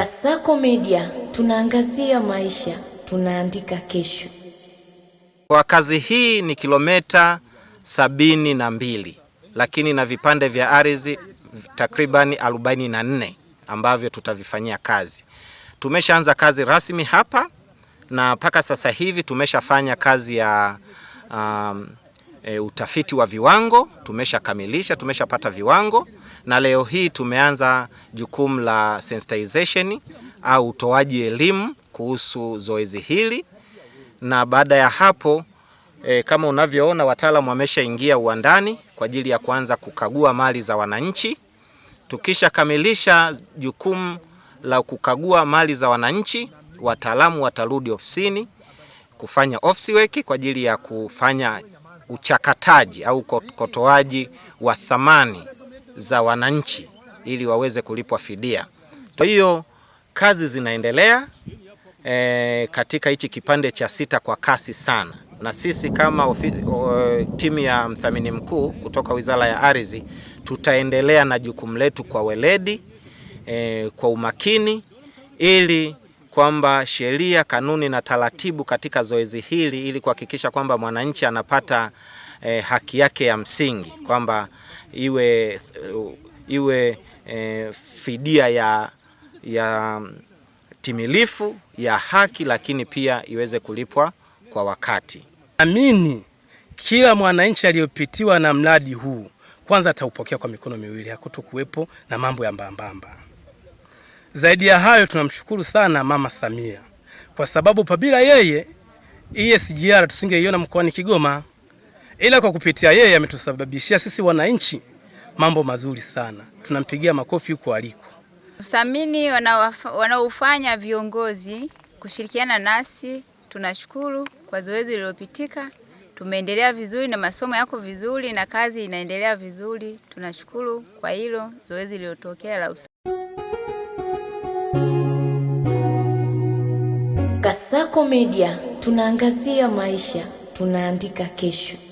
Kasaco Media tunaangazia maisha, tunaandika kesho. Kwa kazi hii ni kilomita sabini na mbili lakini na vipande vya ardhi takribani 44 ambavyo tutavifanyia kazi. Tumeshaanza kazi rasmi hapa na mpaka sasa hivi tumeshafanya kazi ya um, e, utafiti wa viwango tumeshakamilisha, tumeshapata viwango, na leo hii tumeanza jukumu la sensitization au utoaji elimu kuhusu zoezi hili, na baada ya hapo e, kama unavyoona wataalamu wameshaingia uwandani kwa ajili ya kuanza kukagua mali za wananchi. Tukishakamilisha jukumu la kukagua mali za wananchi, wataalamu watarudi ofisini kufanya office work kwa ajili ya kufanya uchakataji au ukotoaji wa thamani za wananchi ili waweze kulipwa fidia. Kwa hiyo kazi zinaendelea e, katika hichi kipande cha sita kwa kasi sana, na sisi kama ofi, o, timu ya mdhamini mkuu kutoka Wizara ya Ardhi tutaendelea na jukumu letu kwa weledi e, kwa umakini ili kwamba sheria, kanuni na taratibu katika zoezi hili ili kuhakikisha kwamba mwananchi anapata eh, haki yake ya msingi kwamba iwe, eh, iwe eh, fidia ya, ya timilifu ya haki, lakini pia iweze kulipwa kwa wakati. Amini kila mwananchi aliyopitiwa na mradi huu kwanza ataupokea kwa mikono miwili, hakutokuwepo na mambo ya mbambamba. Zaidi ya hayo, tunamshukuru sana Mama Samia kwa sababu pabila yeye iye SGR tusingeiona mkoani Kigoma, ila kwa kupitia yeye ametusababishia sisi wananchi mambo mazuri sana. Tunampigia makofi huko aliko. Uthamini wanaofanya viongozi kushirikiana nasi, tunashukuru kwa zoezi lililopitika. Tumeendelea vizuri na masomo yako vizuri na kazi inaendelea vizuri. Tunashukuru kwa hilo zoezi lililotokea la Kasako Media tunaangazia maisha, tunaandika kesho.